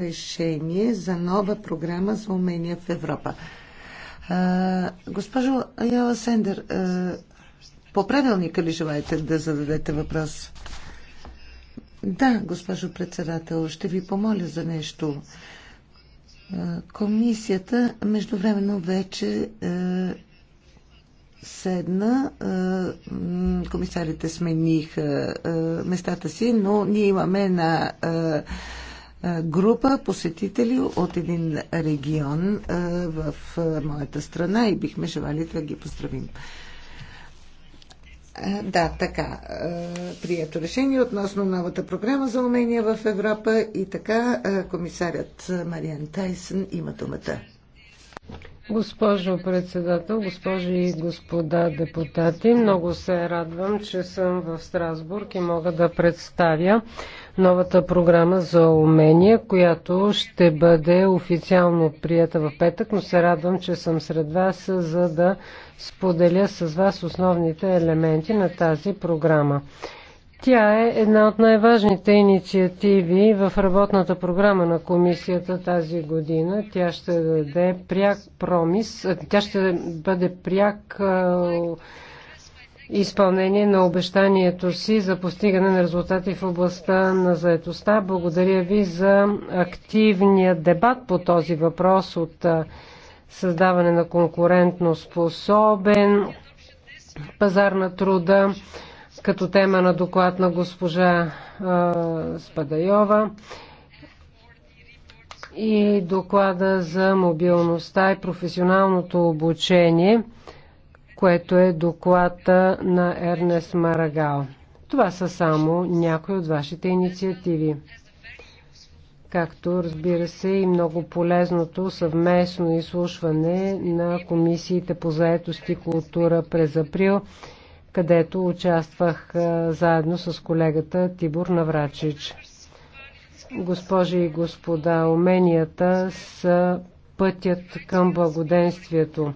решение за нова програма за умения в Европа. А, госпожо Айала Сендер, а, по правилника ли желаете да зададете въпрос? Да, госпожо председател, ще ви помоля за нещо. А, комисията междувременно вече а, седна, комисарите смениха местата си, но ние имаме на група посетители от един регион в моята страна и бихме желали да ги поздравим. Да, така. Прието решение относно новата програма за умения в Европа и така комисарят Мариан Тайсън има думата. Госпожо председател, госпожи и господа депутати, много се радвам, че съм в Страсбург и мога да представя новата програма за умения, която ще бъде официално прията в петък, но се радвам, че съм сред вас, за да споделя с вас основните елементи на тази програма. Тя е една от най-важните инициативи в работната програма на комисията тази година. Тя ще даде пряк промис, тя ще бъде пряк изпълнение на обещанието си за постигане на резултати в областта на заедостта. Благодаря ви за активния дебат по този въпрос от създаване на конкурентно способен пазар на труда като тема на доклад на госпожа Спадайова и доклада за мобилността и професионалното обучение което е доклада на Ернест Марагал. Това са само някои от вашите инициативи. Както разбира се и много полезното съвместно изслушване на комисиите по заетост и култура през април, където участвах заедно с колегата Тибор Наврачич. Госпожи и господа, уменията са пътят към благоденствието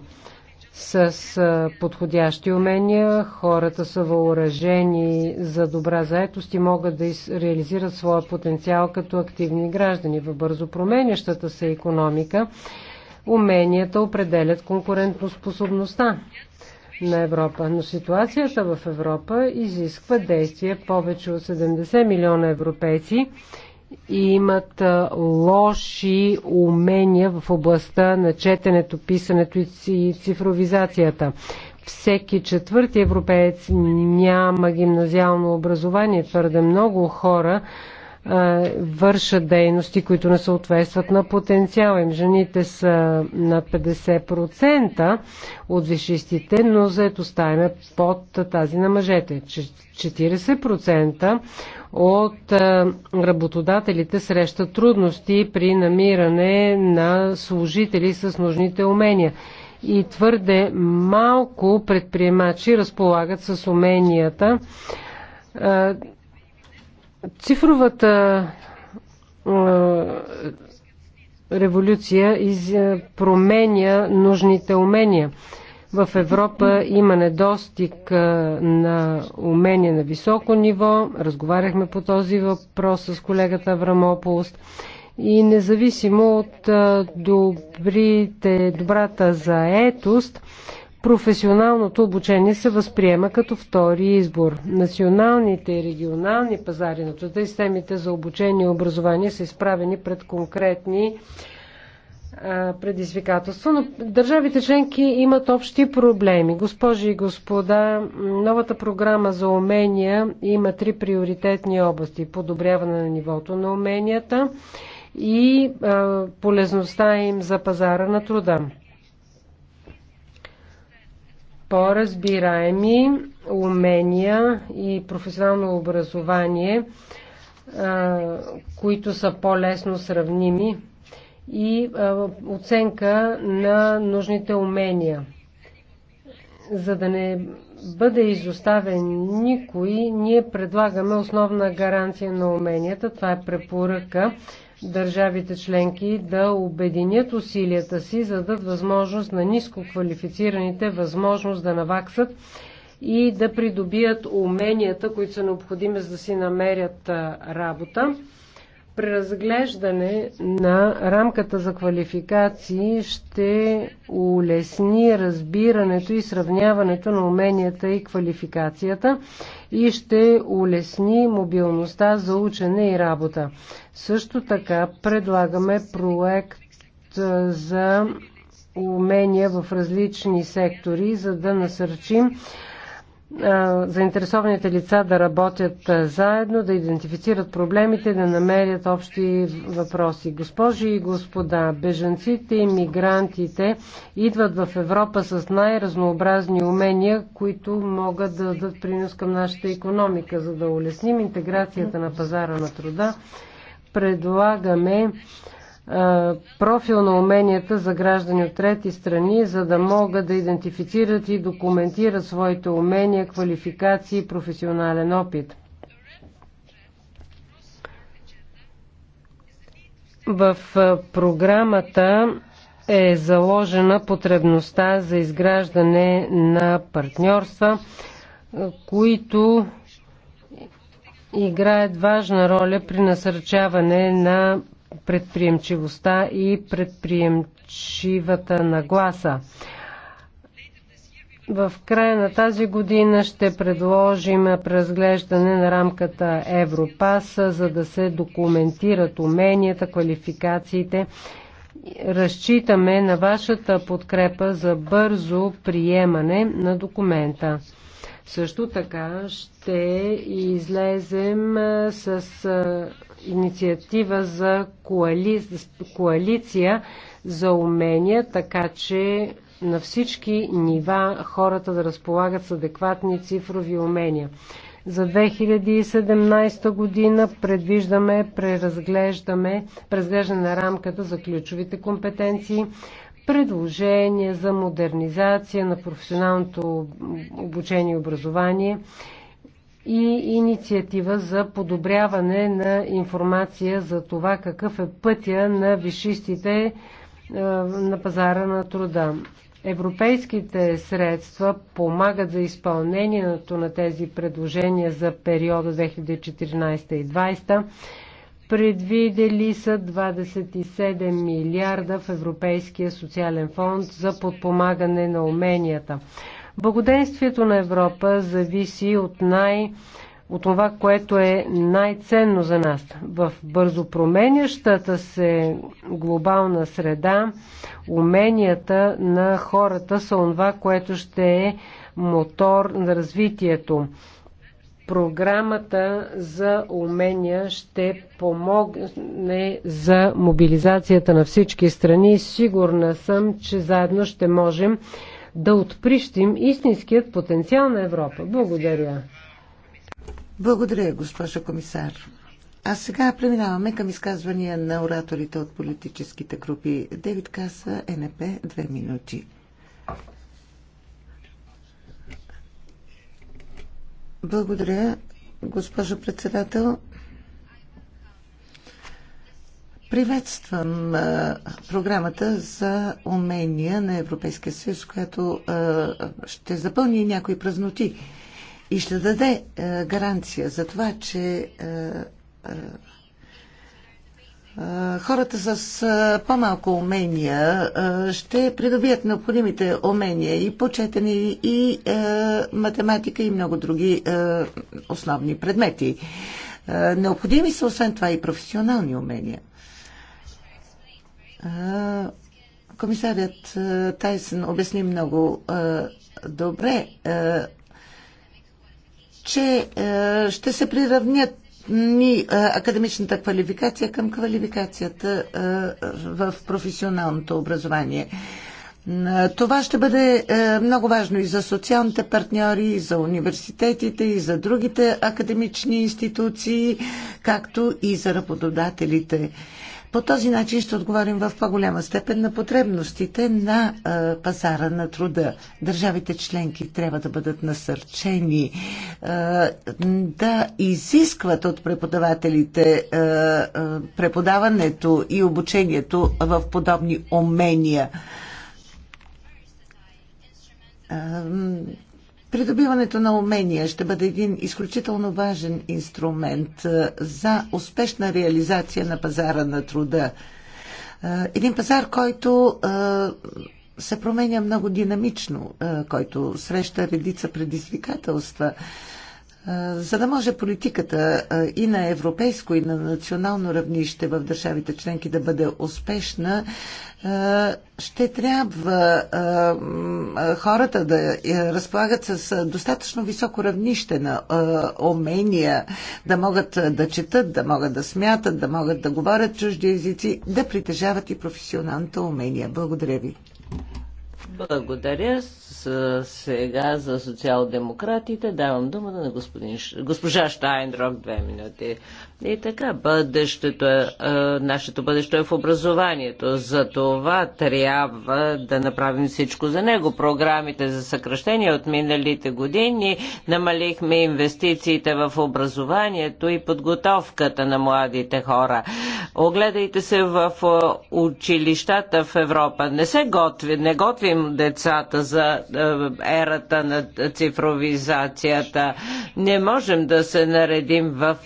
с подходящи умения, хората са въоръжени за добра заетост и могат да реализират своя потенциал като активни граждани. Във бързо променящата се економика уменията определят конкурентоспособността на Европа. Но ситуацията в Европа изисква действие повече от 70 милиона европейци и имат лоши умения в областта на четенето, писането и цифровизацията. Всеки четвърти европеец няма гимназиално образование. Твърде много хора е, вършат дейности, които не съответстват на потенциала им. Жените са на 50% от вишистите, но заедостта им е под тази на мъжете. 40% от е, работодателите срещат трудности при намиране на служители с нужните умения и твърде малко предприемачи разполагат с уменията е, Цифровата революция из, променя нужните умения. В Европа има недостиг на умения на високо ниво. Разговаряхме по този въпрос с колегата Аврамополост. И независимо от добрите, добрата заетост, професионалното обучение се възприема като втори избор. Националните и регионални пазари на труда и системите за обучение и образование са изправени пред конкретни предизвикателства, но държавите членки имат общи проблеми. Госпожи и господа, новата програма за умения има три приоритетни области. Подобряване на нивото на уменията и полезността им за пазара на труда по-разбираеми умения и професионално образование, които са по-лесно сравними и оценка на нужните умения. За да не бъде изоставен никой, ние предлагаме основна гаранция на уменията. Това е препоръка държавите членки да обединят усилията си, за да дадат възможност на ниско квалифицираните възможност да наваксат и да придобият уменията, които са необходими за да си намерят работа преразглеждане на рамката за квалификации ще улесни разбирането и сравняването на уменията и квалификацията и ще улесни мобилността за учене и работа. Също така предлагаме проект за умения в различни сектори, за да насърчим заинтересованите лица да работят заедно, да идентифицират проблемите, да намерят общи въпроси. Госпожи и господа, беженците и мигрантите идват в Европа с най-разнообразни умения, които могат да дадат принос към нашата економика, за да улесним интеграцията на пазара на труда. Предлагаме е, профил на уменията за граждани от трети страни, за да могат да идентифицират и документират своите умения, квалификации и професионален опит. В е, програмата е заложена потребността за изграждане на партньорства, е, които играят важна роля при насърчаване на предприемчивостта и предприемчивата нагласа. В края на тази година ще предложим преразглеждане на рамката Европас, за да се документират уменията, квалификациите. Разчитаме на вашата подкрепа за бързо приемане на документа. Също така ще излезем с инициатива за коали... коалиция за умения, така че на всички нива хората да разполагат с адекватни цифрови умения. За 2017 година предвиждаме преразглеждане на рамката за ключовите компетенции, предложение за модернизация на професионалното обучение и образование и инициатива за подобряване на информация за това какъв е пътя на вишистите е, на пазара на труда. Европейските средства помагат за изпълнението на тези предложения за периода 2014 и 2020. Предвидели са 27 милиарда в Европейския социален фонд за подпомагане на уменията. Благоденствието на Европа зависи от най- от това, което е най-ценно за нас. В бързо променящата се глобална среда, уменията на хората са това, което ще е мотор на развитието. Програмата за умения ще помогне за мобилизацията на всички страни. Сигурна съм, че заедно ще можем да отприщим истинският потенциал на Европа. Благодаря. Благодаря, госпожа комисар. А сега преминаваме към изказвания на ораторите от политическите групи. Девид Каса, НП, две минути. Благодаря, госпожо председател. Приветствам а, програмата за умения на Европейския съюз, която а, ще запълни някои празноти и ще даде а, гаранция за това, че а, а, хората с по-малко умения а, ще придобият необходимите умения и почетени, и а, математика, и много други а, основни предмети. А, необходими са освен това и професионални умения. Комисарят Тайсън обясни много добре, че ще се приравнят ни академичната квалификация към квалификацията в професионалното образование. Това ще бъде много важно и за социалните партньори, и за университетите, и за другите академични институции, както и за работодателите. По този начин ще отговорим в по-голяма степен на потребностите на пазара на труда. Държавите членки трябва да бъдат насърчени да изискват от преподавателите преподаването и обучението в подобни умения Придобиването на умения ще бъде един изключително важен инструмент за успешна реализация на пазара на труда. Един пазар, който се променя много динамично, който среща редица предизвикателства за да може политиката и на европейско, и на национално равнище в държавите членки да бъде успешна, ще трябва хората да разполагат с достатъчно високо равнище на умения, да могат да четат, да могат да смятат, да могат да говорят чужди езици, да притежават и професионалните умения. Благодаря ви. Благодаря. С, сега за социал-демократите давам думата на господин, госпожа Штайнрок две минути. И така, бъдещето е, е, нашето бъдеще е в образованието. За това трябва да направим всичко за него. Програмите за съкръщение от миналите години намалихме инвестициите в образованието и подготовката на младите хора. Огледайте се в е, училищата в Европа. Не се готви, не готвим децата за е, ерата на цифровизацията. Не можем да се наредим в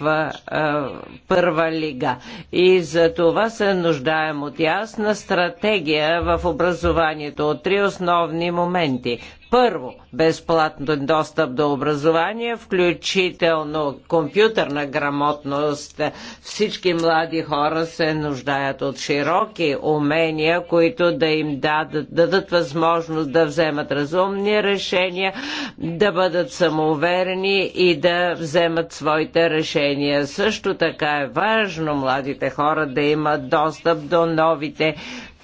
е, първа лига. И за това се нуждаем от ясна стратегия в образованието от три основни моменти. Първо, безплатно достъп до образование, включително компютърна грамотност. Всички млади хора се нуждаят от широки умения, които да им дадат, дадат възможност да вземат разумни решения, да бъдат самоуверени и да вземат своите решения. Също така е важно младите хора да имат достъп до новите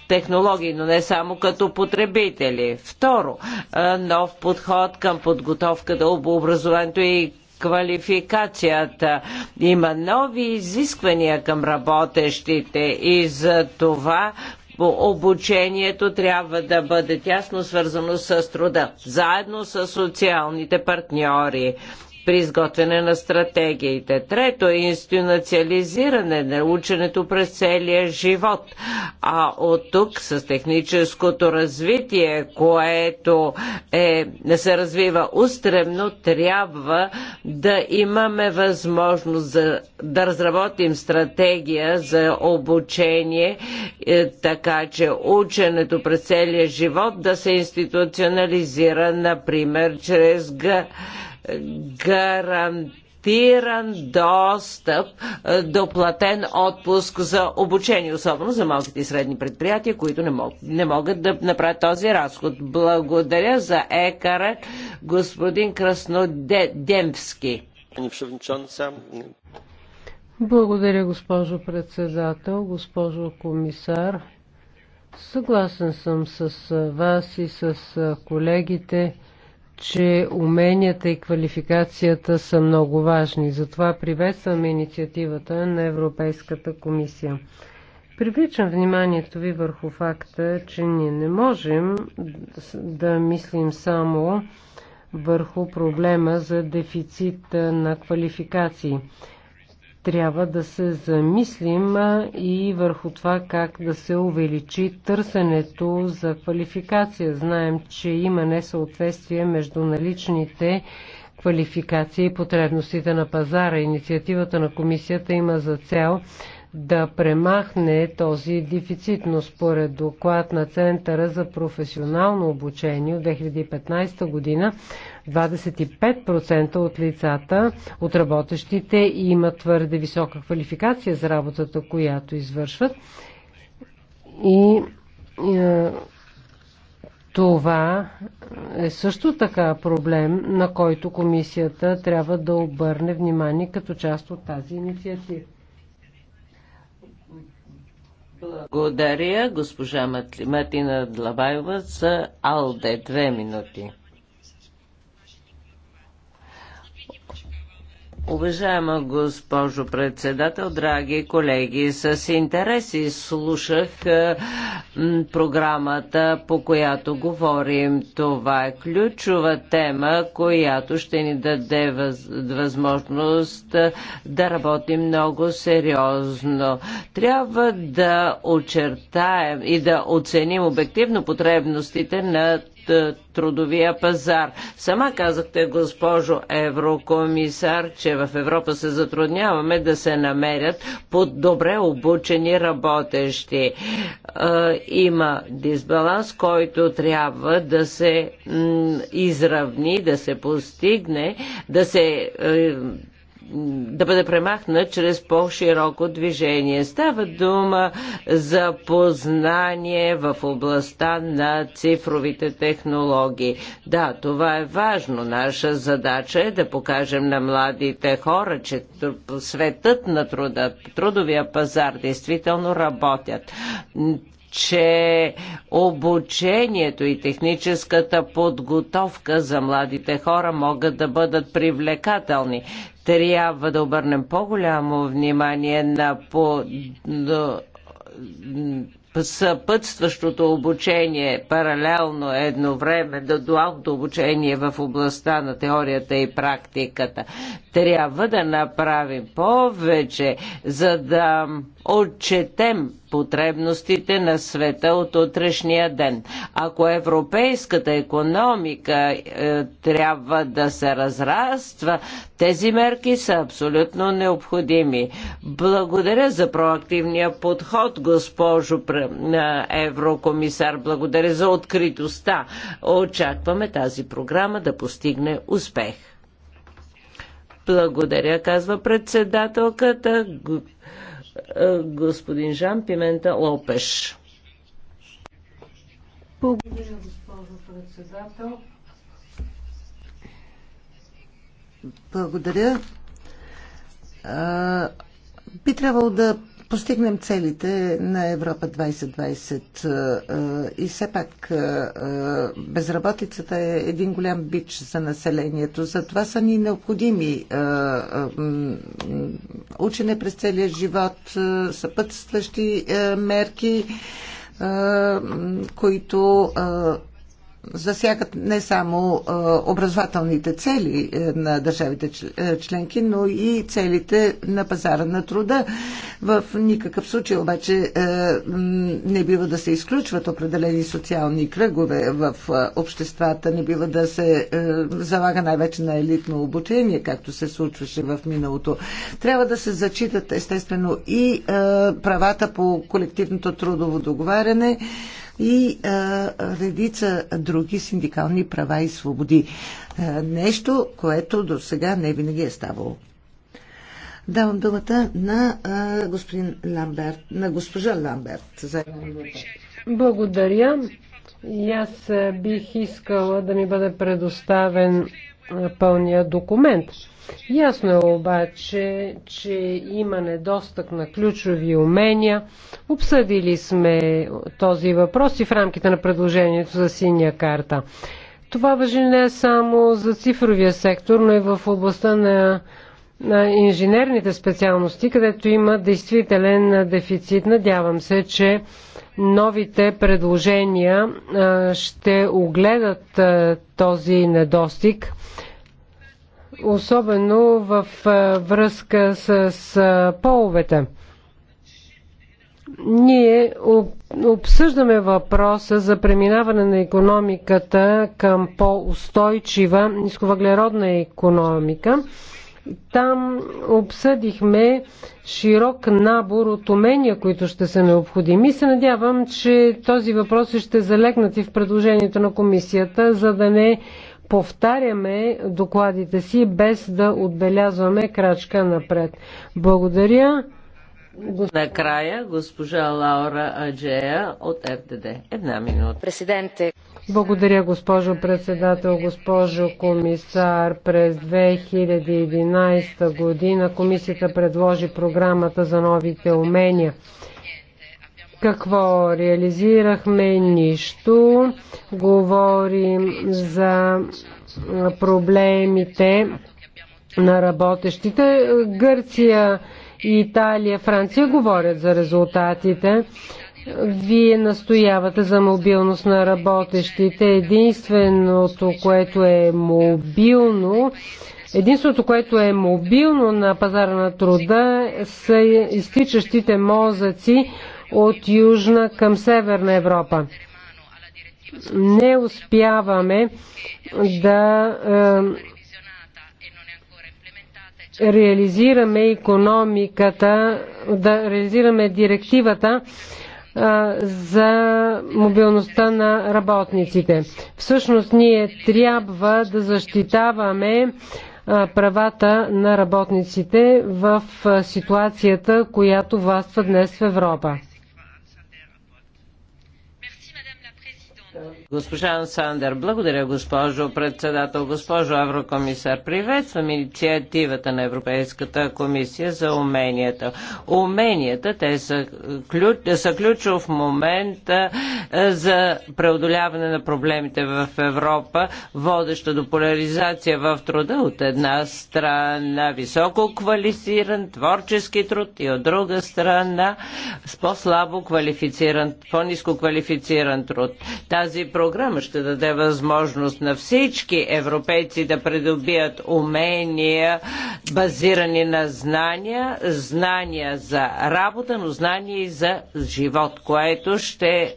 технологии, но не само като потребители. Второ, нов подход към подготовката, образованието и квалификацията. Има нови изисквания към работещите и за това обучението трябва да бъде тясно свързано с труда, заедно с социалните партньори при изготвяне на стратегиите. Трето е институционализиране на ученето през целия живот. А от тук с техническото развитие, което е, се развива устремно, трябва да имаме възможност за, да разработим стратегия за обучение, е, така че ученето през целия живот да се институционализира, например, чрез гарантиран достъп е, до платен отпуск за обучение, особено за малките и средни предприятия, които не, мог, не могат да направят този разход. Благодаря за екара господин Краснодемски. Благодаря, госпожо председател, госпожо комисар. Съгласен съм с вас и с колегите че уменията и квалификацията са много важни. Затова приветствам инициативата на Европейската комисия. Привличам вниманието ви върху факта, че ние не можем да мислим само върху проблема за дефицит на квалификации трябва да се замислим и върху това как да се увеличи търсенето за квалификация. Знаем, че има несъответствие между наличните квалификации и потребностите на пазара. Инициативата на комисията има за цел да премахне този дефицит, но според доклад на Центъра за професионално обучение от 2015 година 25% от лицата, от работещите, имат твърде висока квалификация за работата, която извършват. И е, това е също така проблем, на който комисията трябва да обърне внимание като част от тази инициатива. Благодаря госпожа Мартина Длабаева за АЛДЕ. Две минути. Уважаема госпожо председател, драги колеги, с интерес слушах е, програмата, по която говорим. Това е ключова тема, която ще ни даде възможност е, да работим много сериозно. Трябва да очертаем и да оценим обективно потребностите на е, трудовия пазар. Сама казахте, госпожо еврокомисар, че в Европа се затрудняваме да се намерят под добре обучени работещи. Е, има дисбаланс, който трябва да се изравни, да се постигне, да се е, да бъде премахнат чрез по-широко движение. Става дума за познание в областта на цифровите технологии. Да, това е важно. Наша задача е да покажем на младите хора, че светът на труда, трудовия пазар действително работят че обучението и техническата подготовка за младите хора могат да бъдат привлекателни. Трябва да обърнем по-голямо внимание на по съпътстващото обучение паралелно едновременно до дуалното обучение в областта на теорията и практиката. Трябва да направим повече, за да отчетем потребностите на света от утрешния ден. Ако европейската економика е, трябва да се разраства, тези мерки са абсолютно необходими. Благодаря за проактивния подход, госпожо еврокомисар. Благодаря за откритостта. Очакваме тази програма да постигне успех. Благодаря, казва председателката. Е, господин Жан Пимента Лопеш. Благодаря, госпожо председател. Благодаря. А, е, би трябвало да постигнем целите на Европа 2020. Е, е, и все пак е, безработицата е един голям бич за населението. Затова са ни необходими учене през целия живот, съпътстващи мерки които засягат не само образователните цели е, на държавите е, членки, но и целите на пазара на труда. В никакъв случай обаче е, не бива да се изключват определени социални кръгове в обществата, не бива да се залага най-вече на елитно обучение, както се случваше в миналото. Трябва да се зачитат естествено и правата по колективното трудово договаряне, и а, редица други синдикални права и свободи. А, нещо, което до сега не винаги е ставало. Давам думата на а, господин Ламберт, на госпожа Ламберт. За... Благодаря. И аз бих искала да ми бъде предоставен пълния документ. Ясно е обаче, че има недостъг на ключови умения. Обсъдили сме този въпрос и в рамките на предложението за синя карта. Това въжи не само за цифровия сектор, но и в областта на, на инженерните специалности, където има действителен дефицит. Надявам се, че новите предложения ще огледат този недостиг особено в връзка с половете. Ние обсъждаме въпроса за преминаване на економиката към по-устойчива нисковъглеродна економика. Там обсъдихме широк набор от умения, които ще са необходими. И се надявам, че този въпрос ще залегнат и в предложението на комисията, за да не повтаряме докладите си без да отбелязваме крачка напред. Благодаря. Госп... Накрая госпожа Лаура Аджея от ФДД. Една минута. Президенте. Благодаря, госпожо председател, госпожо комисар. През 2011 година комисията предложи програмата за новите умения. Какво реализирахме? Нищо. Говорим за проблемите на работещите. Гърция, Италия, Франция говорят за резултатите. Вие настоявате за мобилност на работещите. Единственото, което е мобилно, единственото, което е мобилно на пазара на труда са изтичащите мозъци от Южна към Северна Европа. Не успяваме да е, реализираме економиката, да реализираме директивата е, за мобилността на работниците. Всъщност ние трябва да защитаваме е, правата на работниците в ситуацията, която властва днес в Европа. така. Госпожа Ансандер, благодаря госпожо председател, госпожо Еврокомисар. Приветствам инициативата на Европейската комисия за уменията. Уменията, те са, ключ, са ключов момент за преодоляване на проблемите в Европа, водеща до поляризация в труда от една страна, високо квалифициран творчески труд и от друга страна с по-слабо квалифициран, по-низко квалифициран труд. Тази програма ще даде възможност на всички европейци да придобият умения, базирани на знания, знания за работа, но знания и за живот, което ще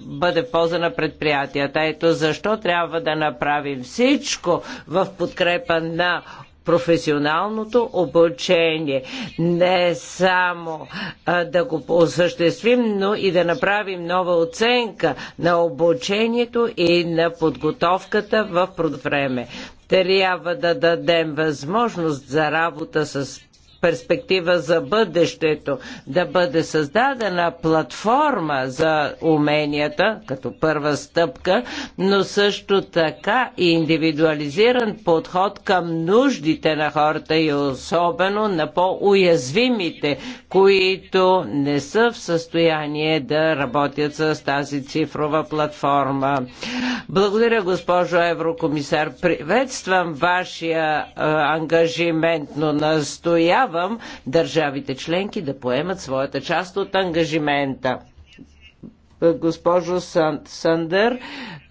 бъде полза на предприятията. Ето защо трябва да направим всичко в подкрепа на професионалното обучение. Не само а, да го осъществим, но и да направим нова оценка на обучението и на подготовката в време трябва да дадем възможност за работа с перспектива за бъдещето, да бъде създадена платформа за уменията като първа стъпка, но също така и индивидуализиран подход към нуждите на хората и особено на по-уязвимите, които не са в състояние да работят с тази цифрова платформа. Благодаря, госпожо Еврокомисар. Приветствам вашия ангажимент, но призовавам държавите членки да поемат своята част от ангажимента госпожо Сандер.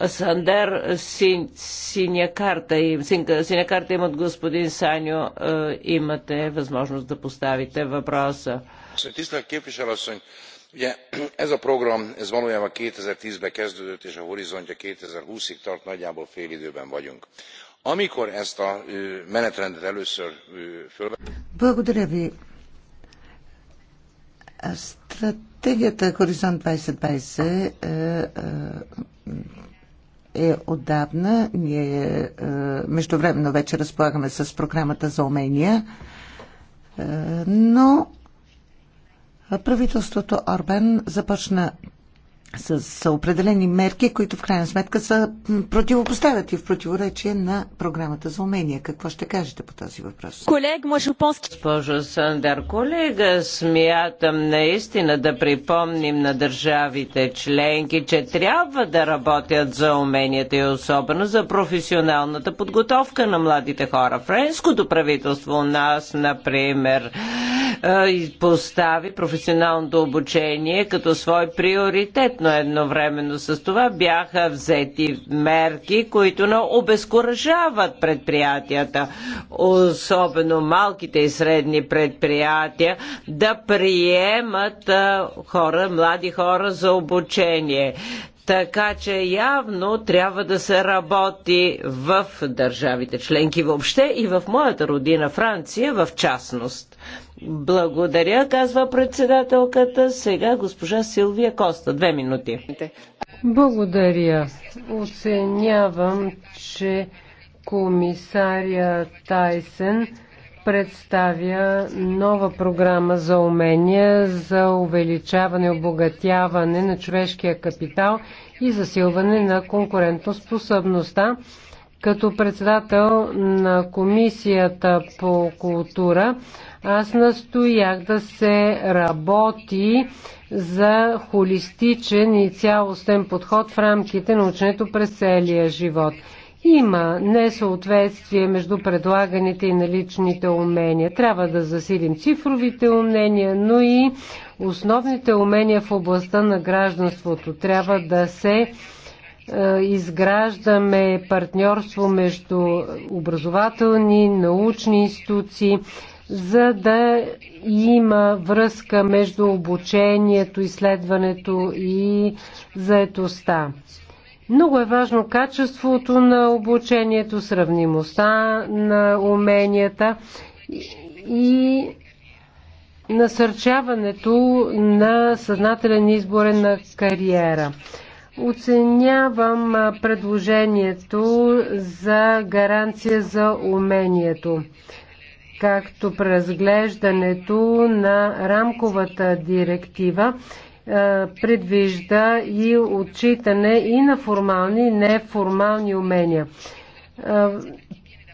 Сандер син, синя, карта, син, синя карта имат господин Саню. Е, имате възможност да поставите въпроса. Tisztelt ugye ez a program, ez valójában 2010-ben kezdődött, és a horizontja 2020-ig tart, nagyjából fél időben vagyunk. Amikor ezt a menetrendet először Благодаря ви. Стратегията Хоризонт 2020 е, е, е отдавна. Ние е, междувременно вече разполагаме с програмата за умения, но правителството Орбен започна с определени мерки, които в крайна сметка са противопоставят и в противоречие на програмата за умения. Какво ще кажете по този въпрос? Колег, може опонски. Госпожо Сандар, колега, смятам наистина да припомним на държавите членки, че трябва да работят за уменията и особено за професионалната подготовка на младите хора. Френското правителство у нас, например, и постави професионалното обучение като свой приоритет, но едновременно с това бяха взети мерки, които не обезкуражават предприятията, особено малките и средни предприятия, да приемат хора, млади хора за обучение. Така че явно трябва да се работи в държавите членки въобще и в моята родина Франция в частност. Благодаря, казва председателката. Сега госпожа Силвия Коста. Две минути. Благодаря. Оценявам, че комисаря Тайсен представя нова програма за умения за увеличаване и обогатяване на човешкия капитал и засилване на конкурентоспособността. Като председател на Комисията по култура аз настоях да се работи за холистичен и цялостен подход в рамките на ученето през целия живот. Има несъответствие между предлаганите и наличните умения. Трябва да засилим цифровите умения, но и основните умения в областта на гражданството. Трябва да се е, изграждаме партньорство между образователни, научни институции, за да има връзка между обучението, изследването и заетостта. Много е важно качеството на обучението, сравнимостта на уменията и насърчаването на съзнателен изборен на кариера. Оценявам предложението за гаранция за умението както преразглеждането на рамковата директива е, предвижда и отчитане и на формални и неформални умения. Е,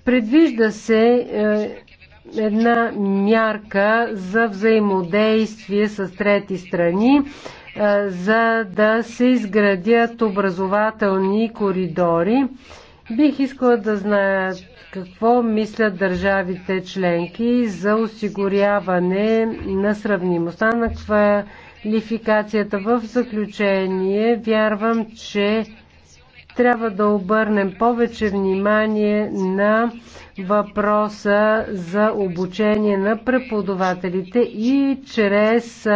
предвижда се е, една мярка за взаимодействие с трети страни, за да се изградят образователни коридори. Бих искала да знаят какво мислят държавите членки за осигуряване на сравнимостта на квалификацията? В заключение вярвам, че трябва да обърнем повече внимание на въпроса за обучение на преподавателите и чрез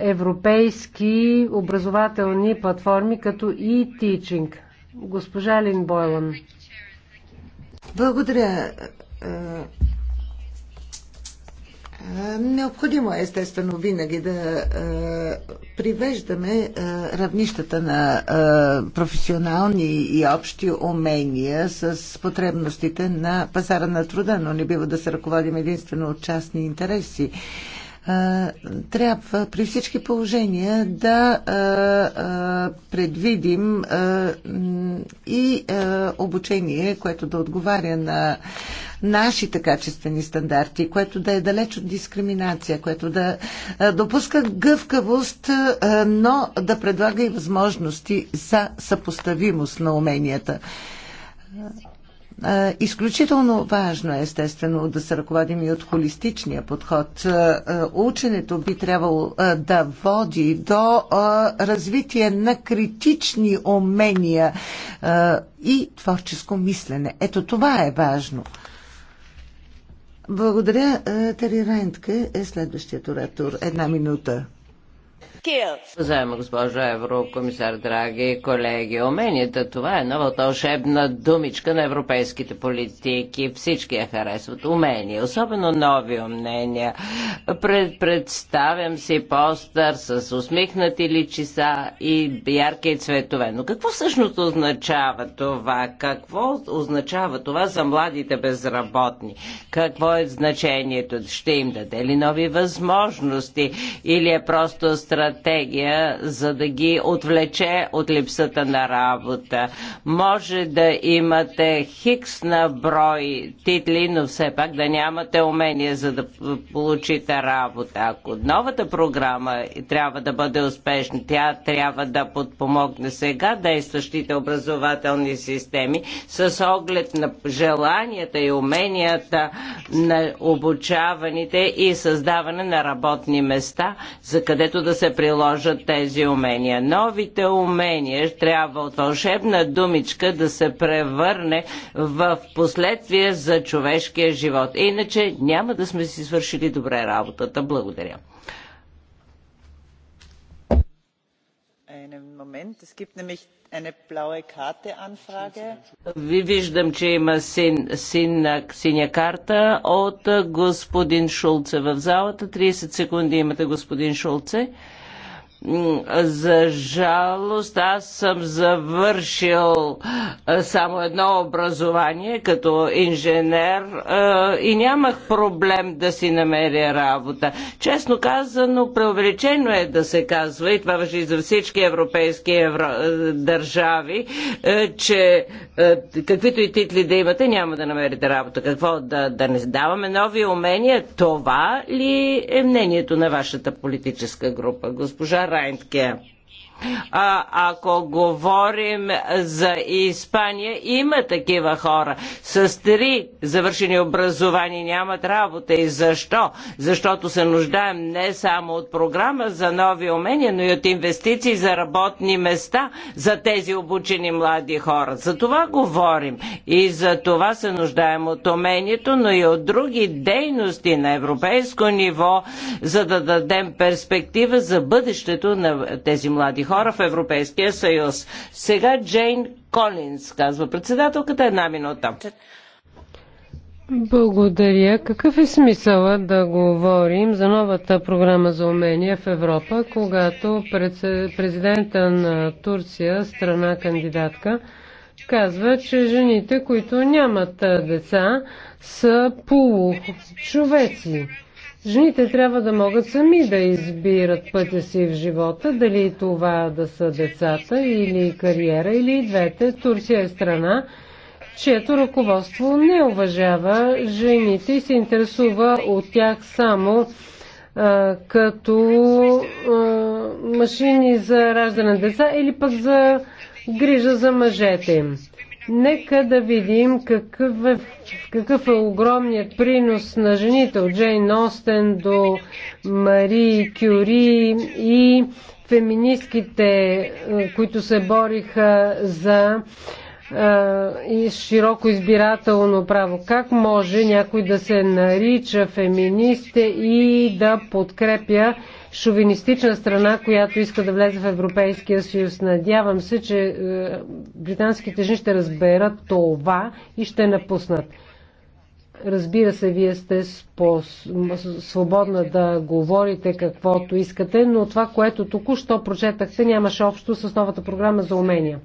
европейски образователни платформи като e-teaching. Госпожа Лин Бойлан. Благодаря. Е, е, необходимо е, естествено, винаги да е, привеждаме равнищата на професионални и общи умения с потребностите на пазара на труда, но не бива да се ръководим единствено от частни интереси трябва при всички положения да предвидим и обучение, което да отговаря на нашите качествени стандарти, което да е далеч от дискриминация, което да допуска гъвкавост, но да предлага и възможности за съпоставимост на уменията. Изключително важно е, естествено, да се ръководим и от холистичния подход. Ученето би трябвало да води до развитие на критични умения и творческо мислене. Ето това е важно. Благодаря. Тери Рентке е следващият оратор. Една минута. Уважаема госпожо Еврокомисар, драги колеги, уменията, това е нова вълшебна думичка на европейските политики. Всички я харесват. Умения, особено нови умения. Пред, представям си постър с усмихнати личиса и ярки цветове. Но какво всъщност означава това? Какво означава това за младите безработни? Какво е значението? Ще им даде ли нови възможности? Или е просто стратегия? стратегия, за да ги отвлече от липсата на работа. Може да имате хикс на брой титли, но все пак да нямате умения, за да получите работа. Ако новата програма трябва да бъде успешна, тя трябва да подпомогне сега действащите образователни системи с оглед на желанията и уменията на обучаваните и създаване на работни места, за където да се прилагат приложат тези умения. Новите умения трябва от вълшебна думичка да се превърне в последствие за човешкия живот. Иначе няма да сме си свършили добре работата. Благодаря. Ви виждам, че има син, син, синя карта от господин Шулце в залата. 30 секунди имате, господин Шулце. За жалост, аз съм завършил само едно образование като инженер и нямах проблем да си намеря работа. Честно казано, преувеличено е да се казва, и това въжи за всички европейски евро... държави, че каквито и титли да имате, няма да намерите работа. Какво, да, да не даваме нови умения? Това ли е мнението на вашата политическа група? Госпожа Herr а, ако говорим за Испания, има такива хора. С три завършени образования нямат работа. И защо? Защото се нуждаем не само от програма за нови умения, но и от инвестиции за работни места за тези обучени млади хора. За това говорим. И за това се нуждаем от умението, но и от други дейности на европейско ниво, за да дадем перспектива за бъдещето на тези млади хора хора в Европейския съюз. Сега Джейн Колинс, казва председателката, една минута. Благодаря. Какъв е смисъла да говорим за новата програма за умения в Европа, когато президента на Турция, страна кандидатка, казва, че жените, които нямат деца, са получовеци? Жените трябва да могат сами да избират пътя си в живота, дали това да са децата или кариера или двете. Турция е страна, чието ръководство не уважава жените и се интересува от тях само а, като а, машини за раждане деца или пък за грижа за мъжете им. Нека да видим какъв е, какъв е огромният принос на жените от Джейн Остен до Мари Кюри и феминистките, е, които се бориха за е, и широко избирателно право. Как може някой да се нарича феминист и да подкрепя шовинистична страна, която иска да влезе в Европейския съюз. Надявам се, че е, британските жени ще разберат това и ще напуснат. Разбира се, вие сте свободна да говорите каквото искате, но това, което току-що прочетахте, нямаше общо с новата програма за умения.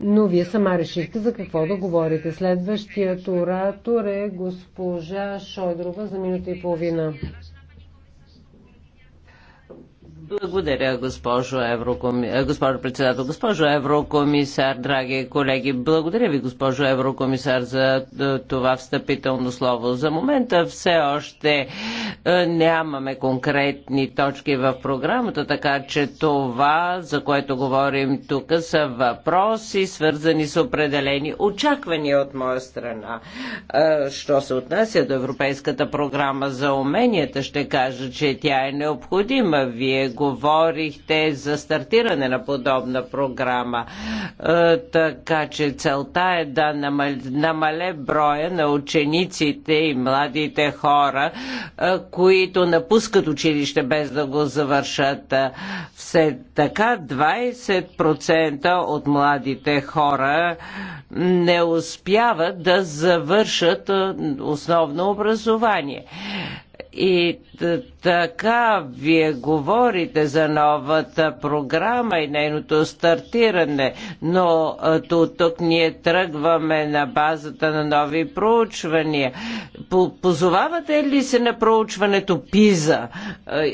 Но вие сама решихте за какво да говорите. Следващият оратор е госпожа Шойдрова за минута и половина. Благодаря, госпожо, Еврокоми... госпожо председател. Госпожо Еврокомисар, драги колеги, благодаря ви, госпожо Еврокомисар, за това встъпително слово. За момента все още нямаме конкретни точки в програмата, така че това, за което говорим тук, са въпроси, свързани с определени очаквания от моя страна. Що се отнася до Европейската програма за уменията, ще кажа, че тя е необходима. Вие го говорихте за стартиране на подобна програма. Е, така че целта е да намале броя на учениците и младите хора, е, които напускат училище без да го завършат. Е, все така 20% от младите хора не успяват да завършат основно образование. И така, вие говорите за новата програма и нейното стартиране, но тук ние тръгваме на базата на нови проучвания. Позовавате ли се на проучването ПИЗА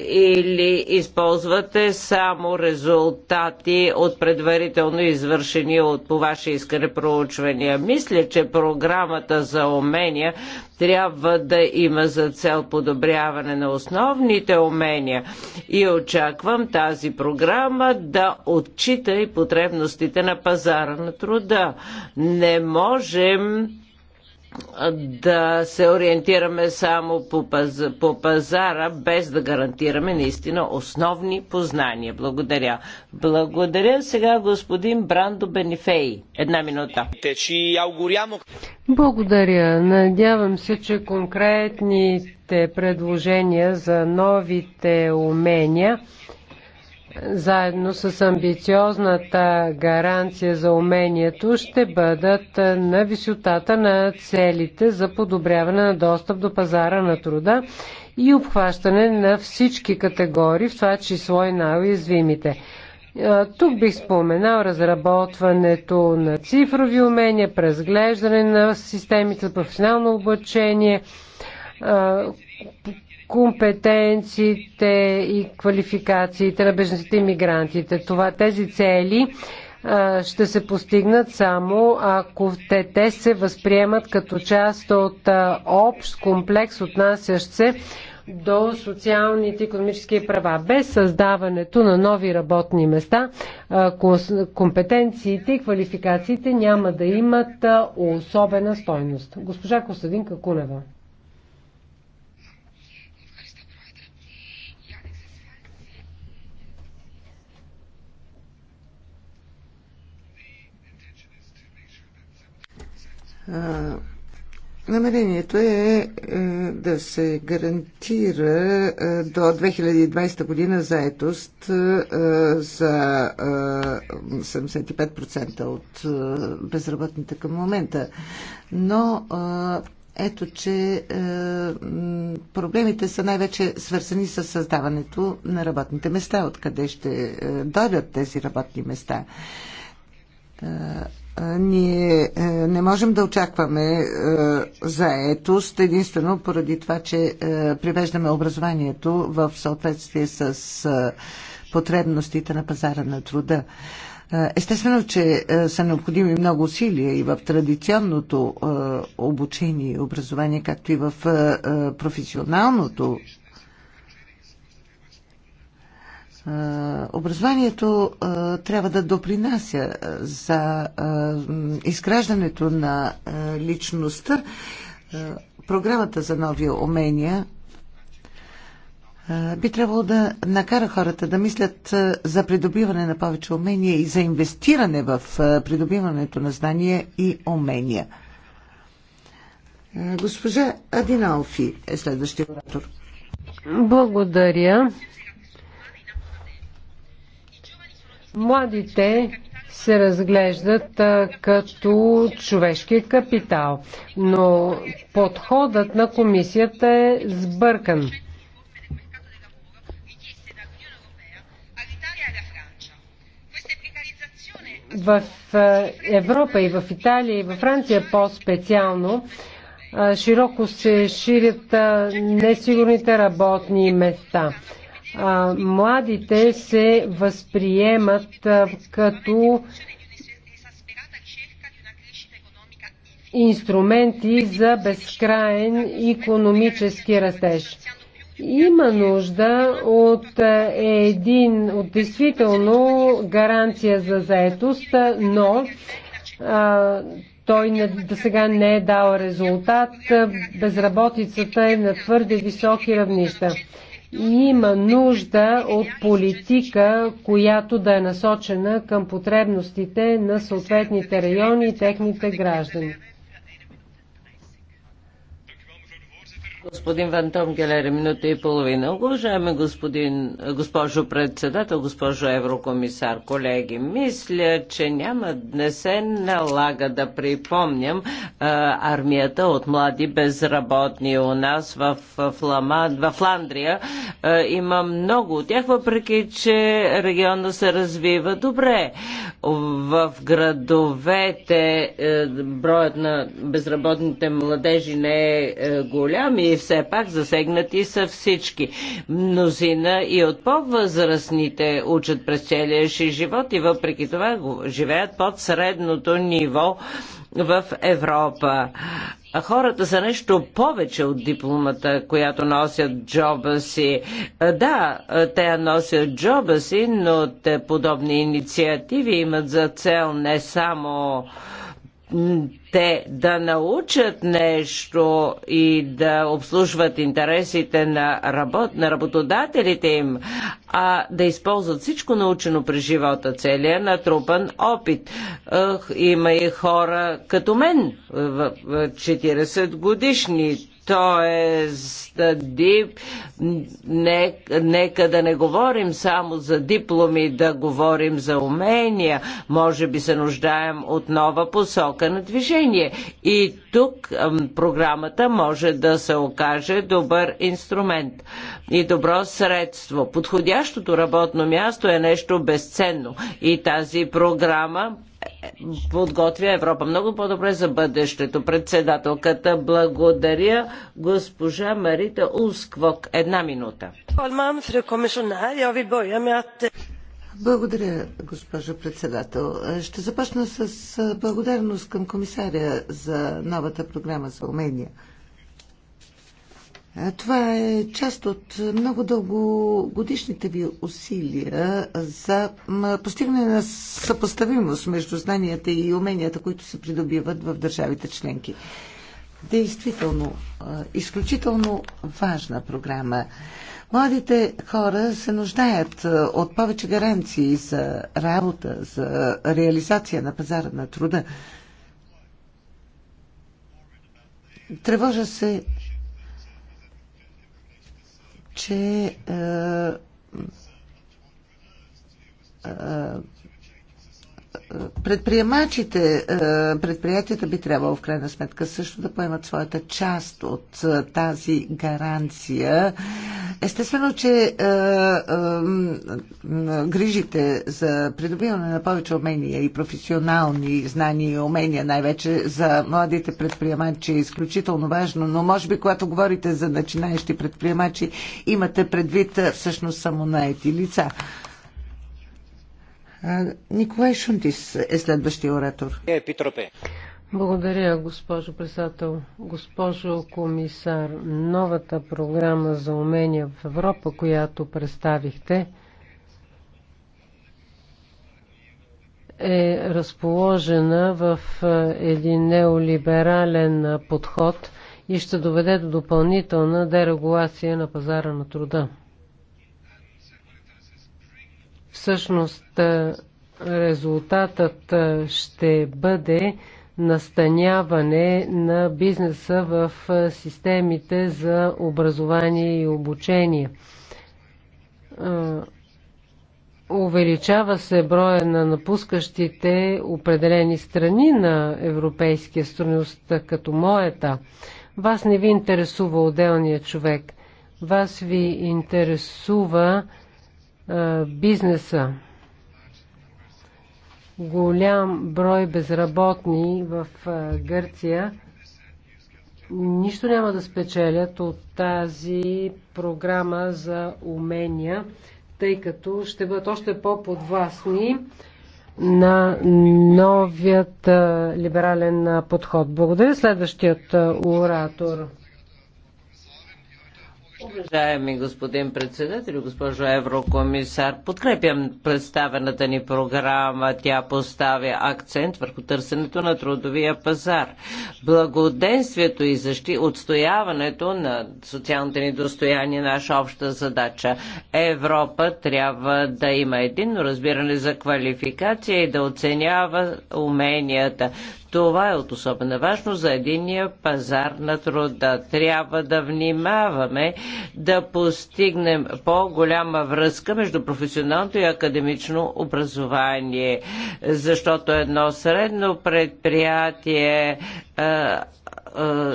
или използвате само резултати от предварително извършени от по ваше искане проучвания? Мисля, че програмата за умения трябва да има за цел подобрение подобряване на основните умения и очаквам тази програма да отчита и потребностите на пазара на труда. Не можем да се ориентираме само по, паз, по пазара, без да гарантираме наистина основни познания. Благодаря. Благодаря сега господин Брандо Бенифей. Една минута. Благодаря. Надявам се, че конкретните предложения за новите умения заедно с амбициозната гаранция за умението ще бъдат на висотата на целите за подобряване на достъп до пазара на труда и обхващане на всички категории, в това число и най-уязвимите. Тук бих споменал разработването на цифрови умения, презглеждане на системите за професионално обучение, компетенциите и квалификациите на беженците и мигрантите. Това, тези цели ще се постигнат само ако те, те се възприемат като част от общ комплекс, отнасящ се до социалните и економически права. Без създаването на нови работни места, компетенциите и квалификациите няма да имат особена стойност. Госпожа Костадинка Кунева. Намерението е, е да се гарантира е, до 2020 година заетост е, за 75% от безработните към момента. Но ето, че проблемите са най-вече свързани с създаването на работните места, откъде ще дойдат тези работни места ние е, не можем да очакваме е, заетост единствено поради това, че е, привеждаме образованието в съответствие с потребностите на пазара на труда. Естествено, че са необходими много усилия и в традиционното обучение и образование, както и в професионалното Образованието трябва да допринася за изграждането на личността. Програмата за нови умения би трябвало да накара хората да мислят за придобиване на повече умения и за инвестиране в придобиването на знания и умения. Госпожа Адиналфи е следващия оратор. Благодаря. Младите се разглеждат а, като човешки капитал, но подходът на комисията е сбъркан. В Европа и в Италия и във Франция по-специално широко се ширят несигурните работни места а, младите се възприемат а, като инструменти за безкраен економически растеж. Има нужда от един, от действително гаранция за заетост, но а, той не, до сега не е дал резултат. Безработицата е на твърде високи равнища. Има нужда от политика, която да е насочена към потребностите на съответните райони и техните граждани. Господин Ван Томгелер, минута и половина. Уважаема господин, госпожо председател, госпожо еврокомисар, колеги, мисля, че няма, не се налага да припомням а, армията от млади безработни у нас в, Фламан, в Фландрия. А, има много от тях, въпреки, че региона се развива добре. В градовете а, е, броят на безработните младежи не е, е голям и все пак засегнати са всички. Мнозина и от по-възрастните учат през целия си живот и въпреки това живеят под средното ниво в Европа. хората са нещо повече от дипломата, която носят джоба си. Да, те носят джоба си, но те подобни инициативи имат за цел не само те да научат нещо и да обслужват интересите на, работ, на работодателите им, а да използват всичко научено през живота, целия натрупан опит. Има и хора като мен, 40 годишни, Тоест, дип, не, нека да не говорим само за дипломи, да говорим за умения. Може би се нуждаем от нова посока на движение. И тук програмата може да се окаже добър инструмент и добро средство. Подходящото работно място е нещо безценно и тази програма подготвя Европа много по-добре за бъдещето. Председателката благодаря госпожа Марита Усквок. Една минута. Eh, благодаря, госпожа председател. Е, ще започна с е, благодарност към комисаря за новата програма за умения. Това е част от много дългогодишните ви усилия за постигане на съпоставимост между знанията и уменията, които се придобиват в държавите членки. Действително, изключително важна програма. Младите хора се нуждаят от повече гаранции за работа, за реализация на пазара на труда. Тревожа се че е, е, предприемачите, е, предприятията би трябвало в крайна сметка също да поемат своята част от е, тази гаранция. Естествено, че е, е, грижите за придобиване на повече умения и професионални знания и умения, най-вече за младите предприемачи, е изключително важно, но може би когато говорите за начинаещи предприемачи, имате предвид е, всъщност самонаети лица. Николай Шунтис е следващия оратор. Е, Благодаря, госпожо председател. Госпожо комисар, новата програма за умения в Европа, която представихте, е разположена в един неолиберален подход и ще доведе до допълнителна дерегулация на пазара на труда. Всъщност резултатът ще бъде настаняване на бизнеса в системите за образование и обучение. Увеличава се броя на напускащите определени страни на Европейския съюз, като моята. Вас не ви интересува отделният човек. Вас ви интересува бизнеса. Голям брой безработни в Гърция нищо няма да спечелят от тази програма за умения, тъй като ще бъдат още по-подвластни на новият либерален подход. Благодаря следващият оратор. Уважаеми господин председател, госпожо еврокомисар, подкрепям представената ни програма. Тя поставя акцент върху търсенето на трудовия пазар. Благоденствието и защи отстояването на социалните ни достояния е наша обща задача. Европа трябва да има единно разбиране за квалификация и да оценява уменията. Това е от особена важност за единия пазар на труда. Трябва да внимаваме да постигнем по-голяма връзка между професионалното и академично образование, защото едно средно предприятие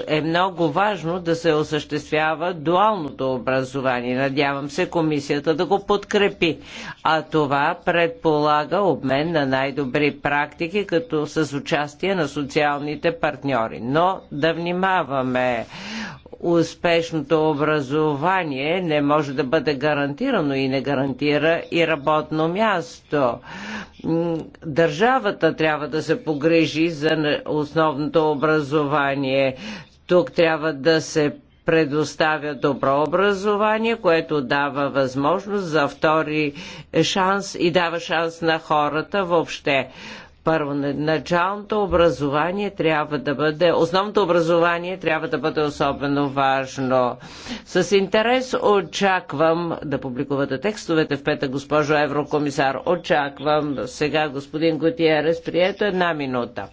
е много важно да се осъществява дуалното образование. Надявам се комисията да го подкрепи. А това предполага обмен на най-добри практики, като с участие на социалните партньори. Но да внимаваме. Успешното образование не може да бъде гарантирано и не гарантира и работно място. Държавата трябва да се погрежи за основното образование. Тук трябва да се предоставя добро образование, което дава възможност за втори шанс и дава шанс на хората въобще първоначалното образование трябва да бъде, основното образование трябва да бъде особено важно. С интерес очаквам да публикувате текстовете в пета, госпожо Еврокомисар. Очаквам сега господин Готиерес. Прието една минута.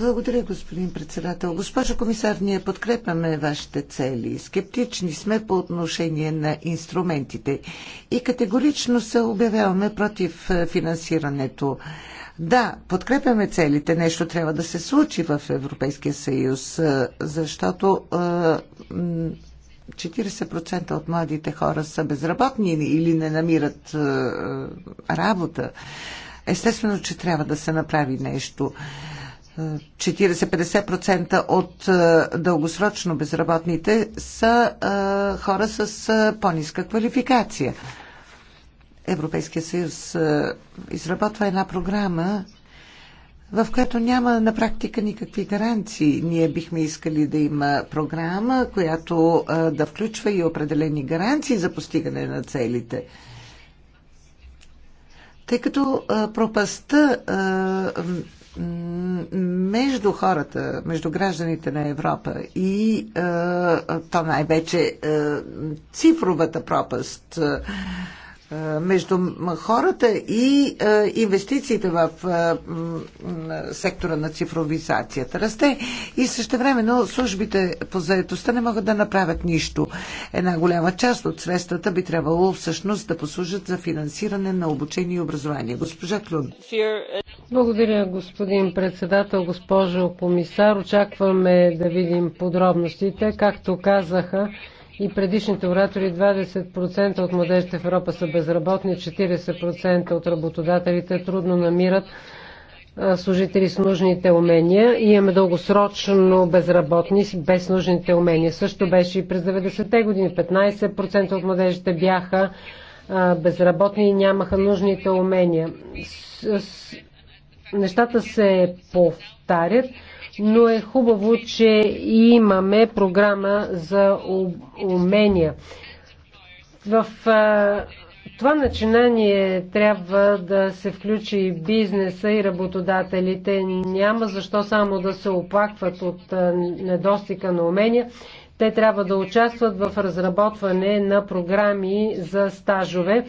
Благодаря, господин председател. Госпожо комисар, ние подкрепяме вашите цели. Скептични сме по отношение на инструментите и категорично се обявяваме против е, финансирането. Да, подкрепяме целите. Нещо трябва да се случи в Европейския съюз, е, защото 40% е, от младите хора са безработни или не намират работа. Естествено, че трябва да се направи нещо. 40-50% от е, дългосрочно безработните са е, хора с е, по-ниска квалификация. Европейския съюз изработва една програма, в която няма на практика никакви гаранции. Ние бихме искали да има програма, която да включва и определени гаранции за постигане на целите тъй като пропаста между хората, между гражданите на Европа и е, то най-вече е, цифровата пропаст. Е, е, между хората и е, инвестициите в е, сектора на цифровизацията расте и същевременно службите по заедостта не могат да направят нищо. Една голяма част от средствата би трябвало всъщност да послужат за финансиране на обучение и образование. Госпожа Клюн. Благодаря, господин председател, госпожо комисар. Очакваме да видим подробностите. Както казаха, и предишните оратори 20% от младежите в Европа са безработни, 40% от работодателите трудно намират служители с нужните умения и имаме дългосрочно безработни без нужните умения. Също беше и през 90-те години. 15% от младежите бяха безработни и нямаха нужните умения. Нещата се повтарят но е хубаво, че имаме програма за умения. В това начинание трябва да се включи и бизнеса и работодателите. Няма защо само да се оплакват от недостига на умения. Те трябва да участват в разработване на програми за стажове,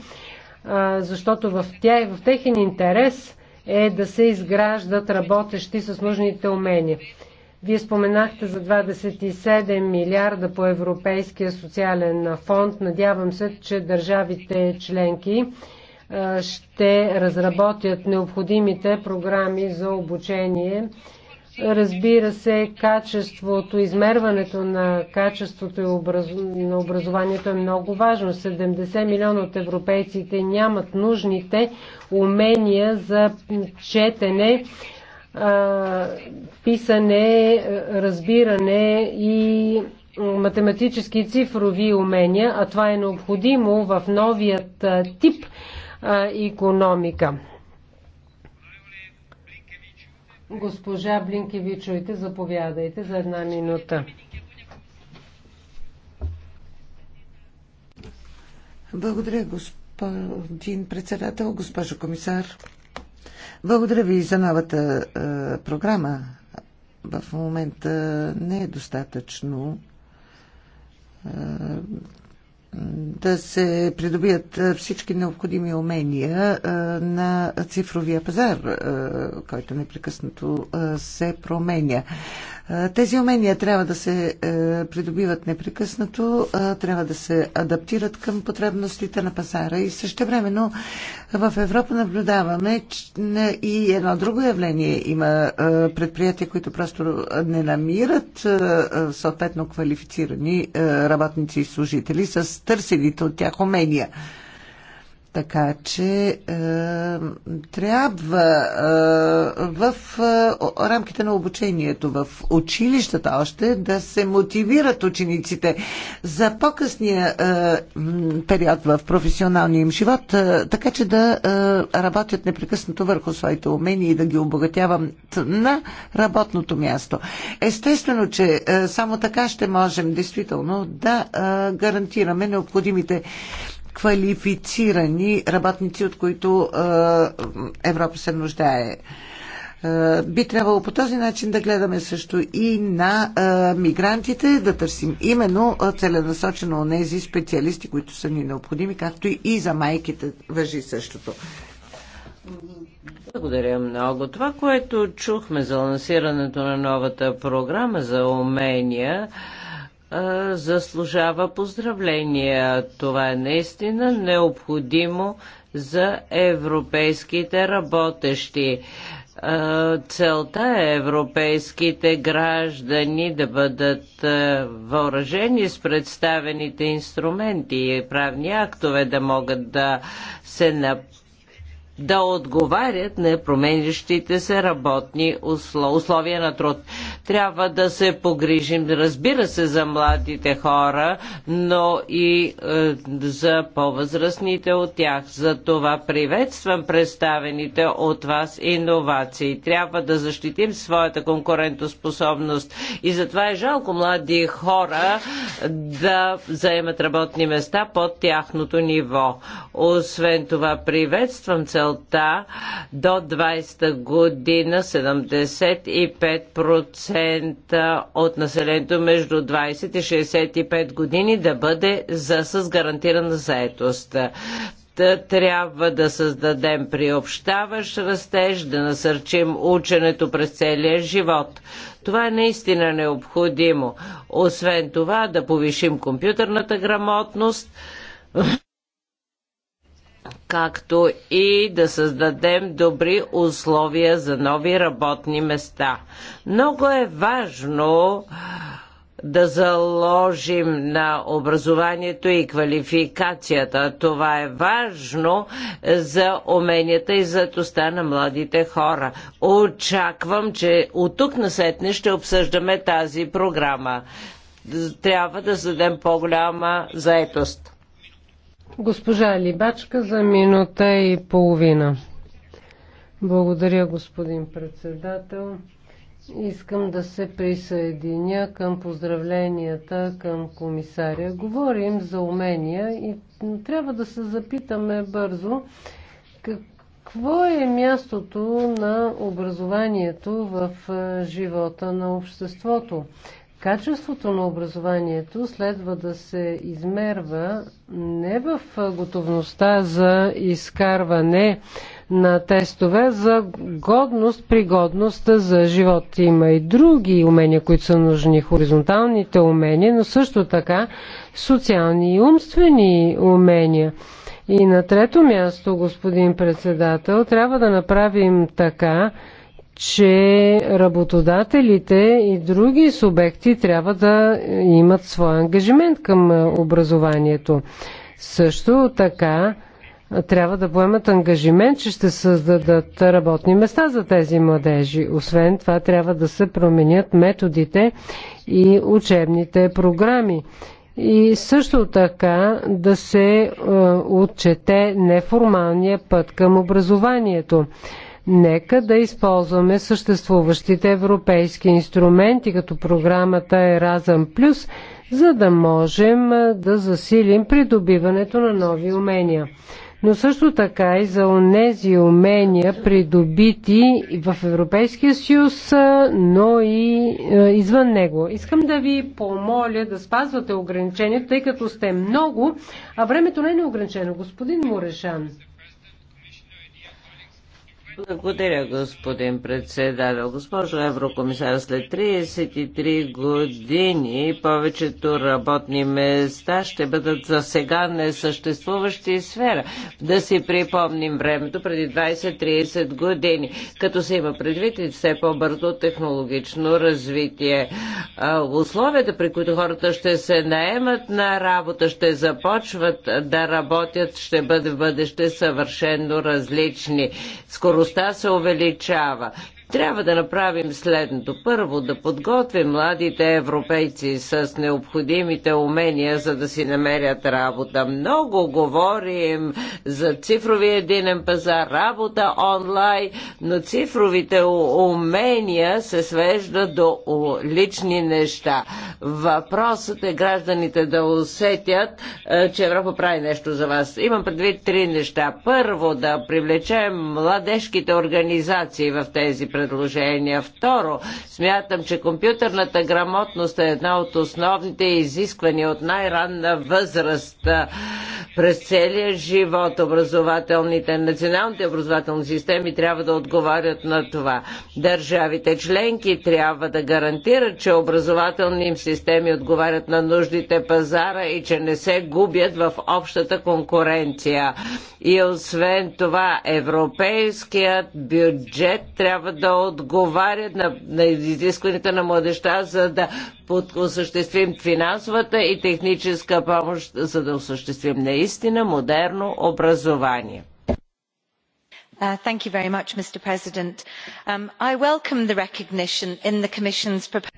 защото в тях в техен интерес е да се изграждат работещи с нужните умения. Вие споменахте за 27 милиарда по Европейския социален фонд. Надявам се, че държавите членки ще разработят необходимите програми за обучение Разбира се, качеството, измерването на качеството и образ... на образованието е много важно. 70 милиона от европейците нямат нужните умения за четене, писане, разбиране и математически и цифрови умения, а това е необходимо в новият тип економика. Госпожа Блинки, ви чуете, заповядайте за една минута. Благодаря, господин председател, госпожо комисар. Благодаря ви за новата е, програма. В момента не е достатъчно е, да се придобият всички необходими умения на цифровия пазар, който непрекъснато се променя. Тези умения трябва да се придобиват непрекъснато, трябва да се адаптират към потребностите на пазара и също времено в Европа наблюдаваме че и едно друго явление. Има предприятия, които просто не намират съответно квалифицирани работници и служители с търсените от тях умения. Така че е, трябва е, в е, рамките на обучението в училищата още да се мотивират учениците за по-късния е, период в професионалния им живот, е, така че да е, работят непрекъснато върху своите умения и да ги обогатяват на работното място. Естествено, че е, само така ще можем действително да е, гарантираме необходимите квалифицирани работници, от които Европа се нуждае. Би трябвало по този начин да гледаме също и на мигрантите, да търсим именно целенасочено тези специалисти, които са ни необходими, както и за майките въжи същото. Благодаря много. Това, което чухме за лансирането на новата програма за умения, заслужава поздравления. Това е наистина необходимо за европейските работещи. Целта е европейските граждани да бъдат въоръжени с представените инструменти и правни актове да могат да се напълнят да отговарят на променящите се работни условия на труд. Трябва да се погрижим, разбира се, за младите хора, но и е, за по-възрастните от тях. За това приветствам представените от вас иновации. Трябва да защитим своята конкурентоспособност и затова е жалко млади хора да заемат работни места под тяхното ниво. Освен това, приветствам цел смъртността до 20 година 75% от населението между 20 и 65 години да бъде за, с гарантирана заетост трябва да създадем приобщаващ растеж, да насърчим ученето през целия живот. Това е наистина необходимо. Освен това да повишим компютърната грамотност както и да създадем добри условия за нови работни места. Много е важно да заложим на образованието и квалификацията. Това е важно за уменията и заетостта на младите хора. Очаквам, че от тук на насетне ще обсъждаме тази програма. Трябва да създадем по-голяма заетост. Госпожа Либачка за минута и половина. Благодаря, господин председател. Искам да се присъединя към поздравленията към комисаря. Говорим за умения и трябва да се запитаме бързо какво е мястото на образованието в е, живота на обществото. Качеството на образованието следва да се измерва не в готовността за изкарване на тестове за годност, пригодност за живот. Има и други умения, които са нужни, хоризонталните умения, но също така социални и умствени умения. И на трето място, господин председател, трябва да направим така, че работодателите и други субекти трябва да имат своя ангажимент към образованието. Също така трябва да поемат ангажимент, че ще създадат работни места за тези младежи. Освен това трябва да се променят методите и учебните програми. И също така да се отчете неформалния път към образованието. Нека да използваме съществуващите европейски инструменти, като програмата Еразъм Плюс, за да можем да засилим придобиването на нови умения. Но също така и за онези умения, придобити в Европейския съюз, но и извън него. Искам да ви помоля да спазвате ограничението, тъй като сте много, а времето не е неограничено. Господин Морешан. Благодаря, господин председател. Госпожо Еврокомисар, след 33 години повечето работни места ще бъдат за сега несъществуващи сфера. Да си припомним времето преди 20-30 години, като се има предвид и все по-бързо технологично развитие. Условията, при които хората ще се наемат на работа, ще започват да работят, ще бъде в бъдеще съвършено различни. Скоро Бедността се увеличава. Трябва да направим следното. Първо, да подготвим младите европейци с необходимите умения, за да си намерят работа. Много говорим за цифрови единен пазар, работа онлайн, но цифровите умения се свеждат до лични неща. Въпросът е гражданите да усетят, е, че Европа прави нещо за вас. Имам предвид три неща. Първо, да привлечем младежките организации в тези предприятия предложения. Второ, смятам, че компютърната грамотност е една от основните изисквания от най-ранна възраст през целия живот. Образователните, националните образователни системи трябва да отговарят на това. Държавите членки трябва да гарантират, че образователни им системи отговарят на нуждите пазара и че не се губят в общата конкуренция. И освен това, европейският бюджет трябва да отговаря на, на изискванията на младеща, за да осъществим финансовата и техническа помощ, за да осъществим наистина наистина модерно образование. Uh, much, um,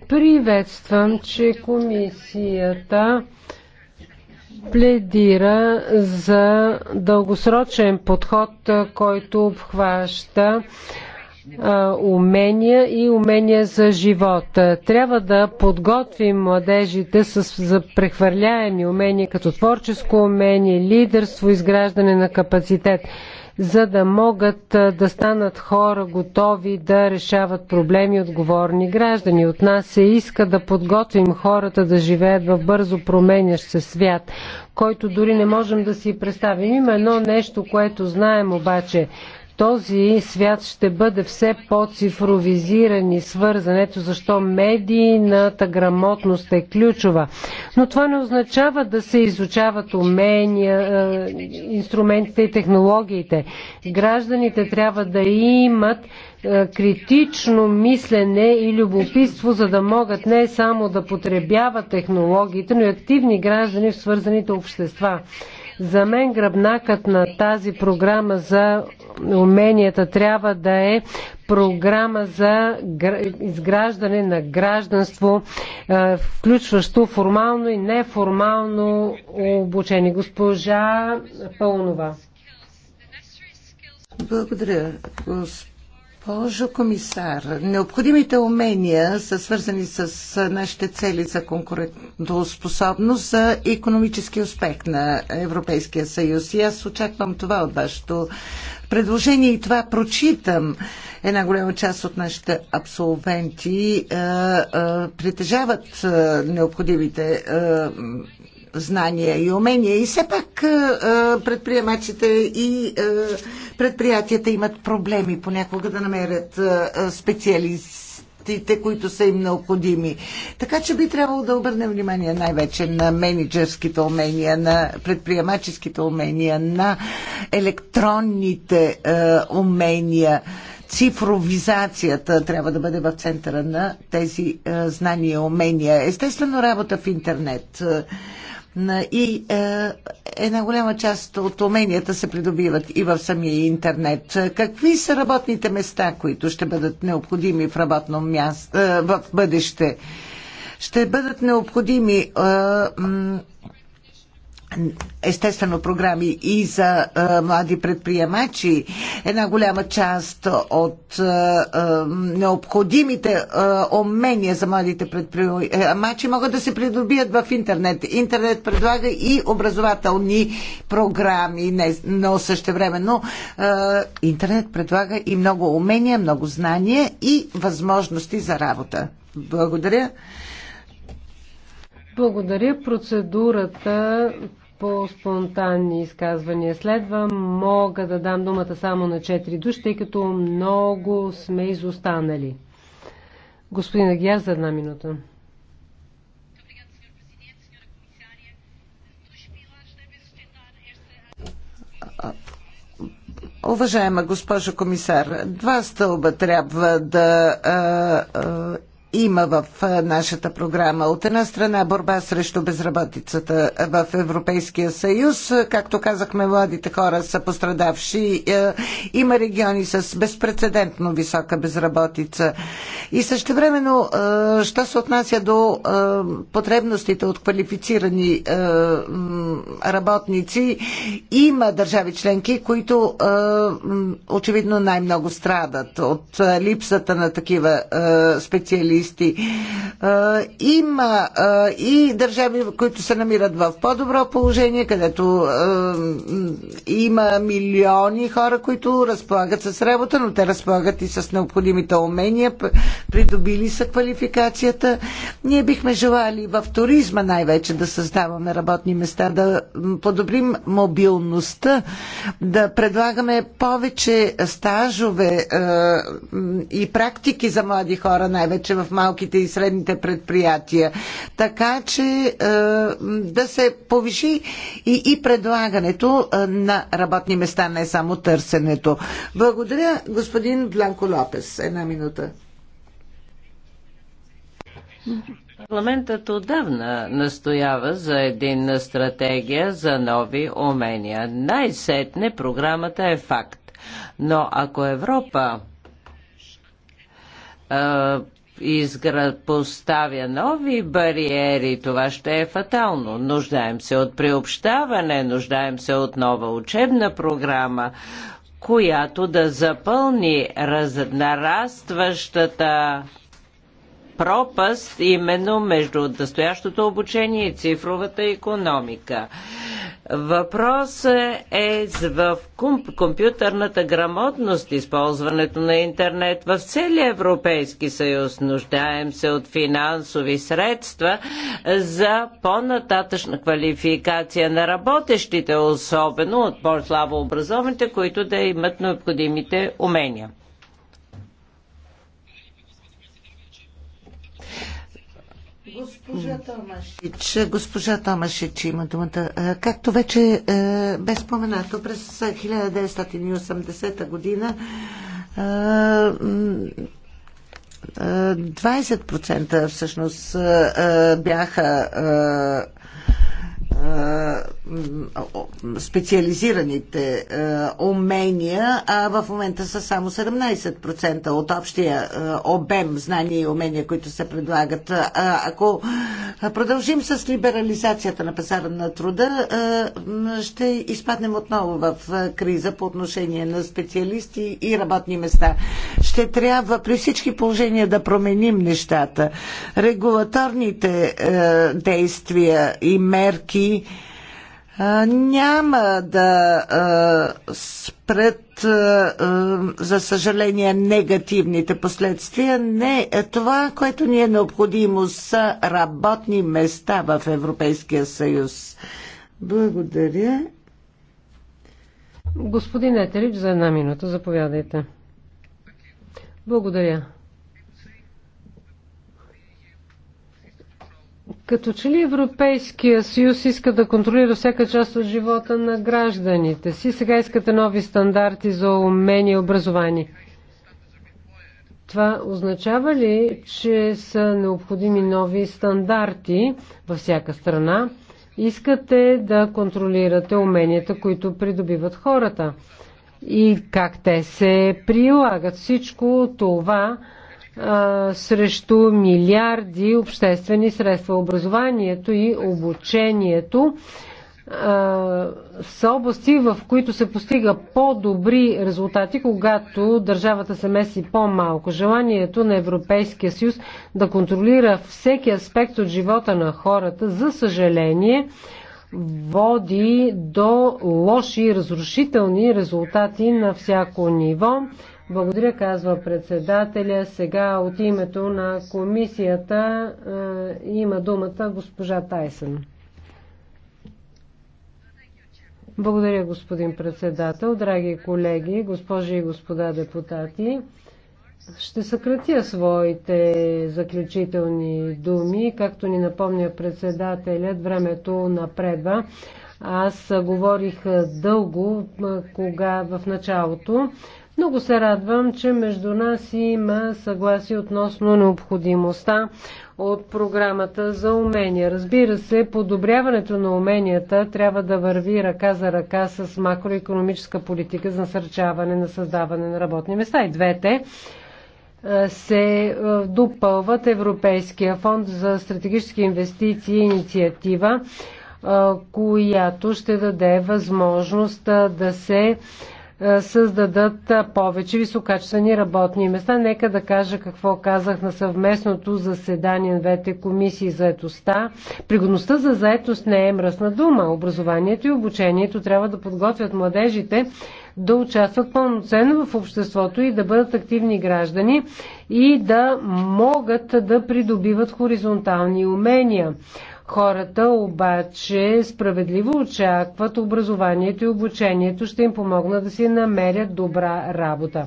Приветствам, че комисията пледира за дългосрочен подход, който обхваща умения и умения за живот. Трябва да подготвим младежите с, за прехвърляеми умения, като творческо умение, лидерство, изграждане на капацитет, за да могат да станат хора готови да решават проблеми отговорни граждани. От нас се иска да подготвим хората да живеят в бързо променящ се свят, който дори не можем да си представим. Има едно нещо, което знаем обаче – този свят ще бъде все по-цифровизиран и свързан. Ето защо медийната грамотност е ключова. Но това не означава да се изучават умения, е, инструментите и технологиите. Гражданите трябва да имат е, критично мислене и любопитство, за да могат не само да потребяват технологиите, но и активни граждани в свързаните общества. За мен гръбнакът на тази програма за уменията трябва да е програма за изграждане на гражданство, е, включващо формално и неформално обучение. Госпожа Пълнова. Благодаря, господин Госпожо комисар, необходимите умения са свързани с нашите цели за конкурентоспособност, за економически успех на Европейския съюз. И аз очаквам това от вашето предложение и това прочитам. Една голяма част от нашите абсолвенти е, е, притежават е, необходимите е, знания и умения. И все пак е, е, предприемачите и е, предприятията имат проблеми понякога да намерят специалистите, които са им необходими. Така че би трябвало да обърнем внимание най-вече на менеджерските умения, на предприемаческите умения, на електронните умения цифровизацията трябва да бъде в центъра на тези знания и умения. Естествено, работа в интернет. И е, една голяма част от уменията се придобиват и в самия интернет. Какви са работните места, които ще бъдат необходими в работно място, е, в бъдеще? Ще бъдат необходими е, естествено програми и за а, е, млади предприемачи. Една голяма част от а, е, е, необходимите а, умения за младите предприемачи могат да се придобият в интернет. Интернет предлага и образователни програми, не, но същевременно а, интернет предлага и много умения, много знания и възможности за работа. Благодаря. Благодаря. Процедурата по спонтанни изказвания следва. Мога да дам думата само на четири души, тъй като много сме изостанали. Господин Агияр, за една минута. Уважаема госпожо комисар, два стълба трябва да а, а, има в нашата програма. От една страна борба срещу безработицата в Европейския съюз. Както казахме, младите хора са пострадавши. Е, има региони с безпредседентно висока безработица. И също времено, е, що се отнася до е, потребностите от квалифицирани работници, има държави членки, които очевидно най-много страдат от липсата на такива специалисти а, Има и държави, които се намират в по-добро положение, където има милиони хора, които разполагат с работа, но те разполагат и с необходимите умения, придобили са квалификацията. Ние бихме желали в туризма най-вече да създаваме работни места, да подобрим мобилността, да предлагаме повече стажове и практики за млади хора, най-вече в малките и средните предприятия. Така че е, да се повиши и, и предлагането е, на работни места, не само търсенето. Благодаря, господин Бланко Лопес. Една минута. Парламентът отдавна настоява за единна стратегия за нови умения. Най-сетне програмата е факт. Но ако Европа е, изград поставя нови бариери, това ще е фатално. Нуждаем се от приобщаване, нуждаем се от нова учебна програма, която да запълни раз... нарастващата пропаст именно между настоящото обучение и цифровата економика. Въпрос е в компютърната грамотност, използването на интернет в целия Европейски съюз. Нуждаем се от финансови средства за по-нататъчна квалификация на работещите, особено от по-слабо образованите, които да имат необходимите умения. Госпожа Томашич, е, госпожа Томашич има думата. Е, както вече е, бе споменато, през 1980 година 20% всъщност бяха специализираните умения, а в момента са само 17% от общия обем знания и умения, които се предлагат. Ако продължим с либерализацията на пазара на труда, ще изпаднем отново в криза по отношение на специалисти и работни места. Ще трябва при всички положения да променим нещата. Регулаторните действия и мерки а, няма да спред, за съжаление, негативните последствия. Не, това, което ни е необходимо са работни места в Европейския съюз. Благодаря. Господин Етерич, за една минута, заповядайте. Благодаря. Като че ли Европейския съюз иска да контролира всяка част от живота на гражданите си, сега искате нови стандарти за умение и образование. Това означава ли, че са необходими нови стандарти във всяка страна? Искате да контролирате уменията, които придобиват хората и как те се прилагат. Всичко това срещу милиарди обществени средства. Образованието и обучението са области, в които се постига по-добри резултати, когато държавата се меси по-малко. Желанието на Европейския съюз да контролира всеки аспект от живота на хората, за съжаление, води до лоши разрушителни резултати на всяко ниво. Благодаря, казва председателя. Сега от името на комисията е, има думата госпожа Тайсън. Благодаря, господин председател. Драги колеги, госпожи и господа депутати, ще съкратя своите заключителни думи. Както ни напомня председателят, времето напредва. Аз говорих дълго е, кога в началото. Много се радвам, че между нас има съгласие относно необходимостта от програмата за умения. Разбира се, подобряването на уменията трябва да върви ръка за ръка с макроекономическа политика за насърчаване на създаване на работни места. И двете е, се е, допълват Европейския фонд за стратегически инвестиции и е инициатива, която ще даде възможност да се е, създадат е, повече висококачествени работни места. Нека да кажа какво казах на съвместното заседание на двете комисии за етостта. Пригодността за заетост не е мръсна дума. Образованието и обучението трябва да подготвят младежите да участват пълноценно в обществото и да бъдат активни граждани и да могат да придобиват хоризонтални умения. Хората обаче справедливо очакват образованието и обучението ще им помогнат да си намерят добра работа.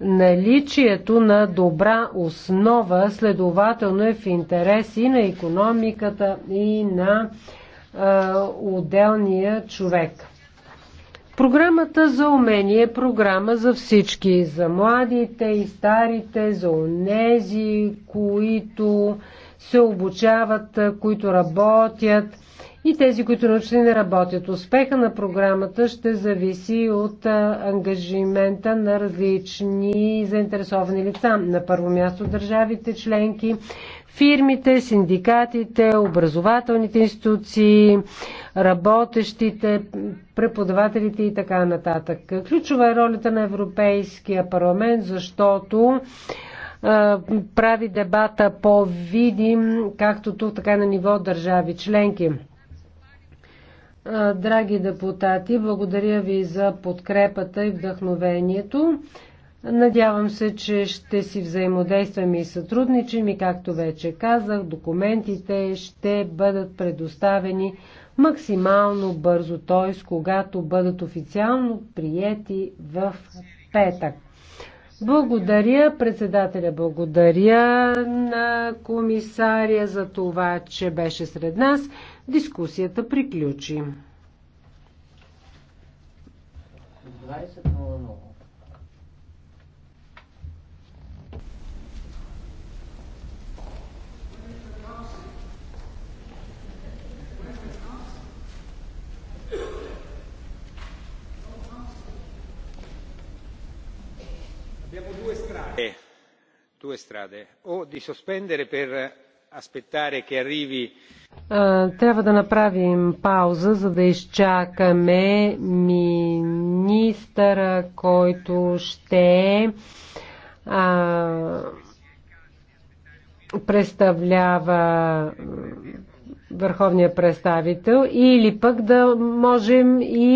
Наличието на добра основа следователно е в интерес и на економиката, и на а, отделния човек. Програмата за умение е програма за всички, за младите и старите, за онези, които се обучават, които работят и тези, които научни не работят. Успеха на програмата ще зависи от ангажимента на различни заинтересовани лица. На първо място държавите членки, фирмите, синдикатите, образователните институции, работещите, преподавателите и така нататък. Ключова е ролята на Европейския парламент, защото прави дебата по-видим, както тук, така на ниво държави членки. Драги депутати, благодаря ви за подкрепата и вдъхновението. Надявам се, че ще си взаимодействаме и сътрудничим и както вече казах, документите ще бъдат предоставени максимално бързо, т.е. когато бъдат официално приети в петък. Благодаря, председателя, благодаря на комисаря за това, че беше сред нас. Дискусията приключи. много. abbiamo eh, due strade o di sospendere per aspettare che arrivi трябва да направим пауза, за да изчакаме министъра, който ще а, представлява върховния представител или пък да можем и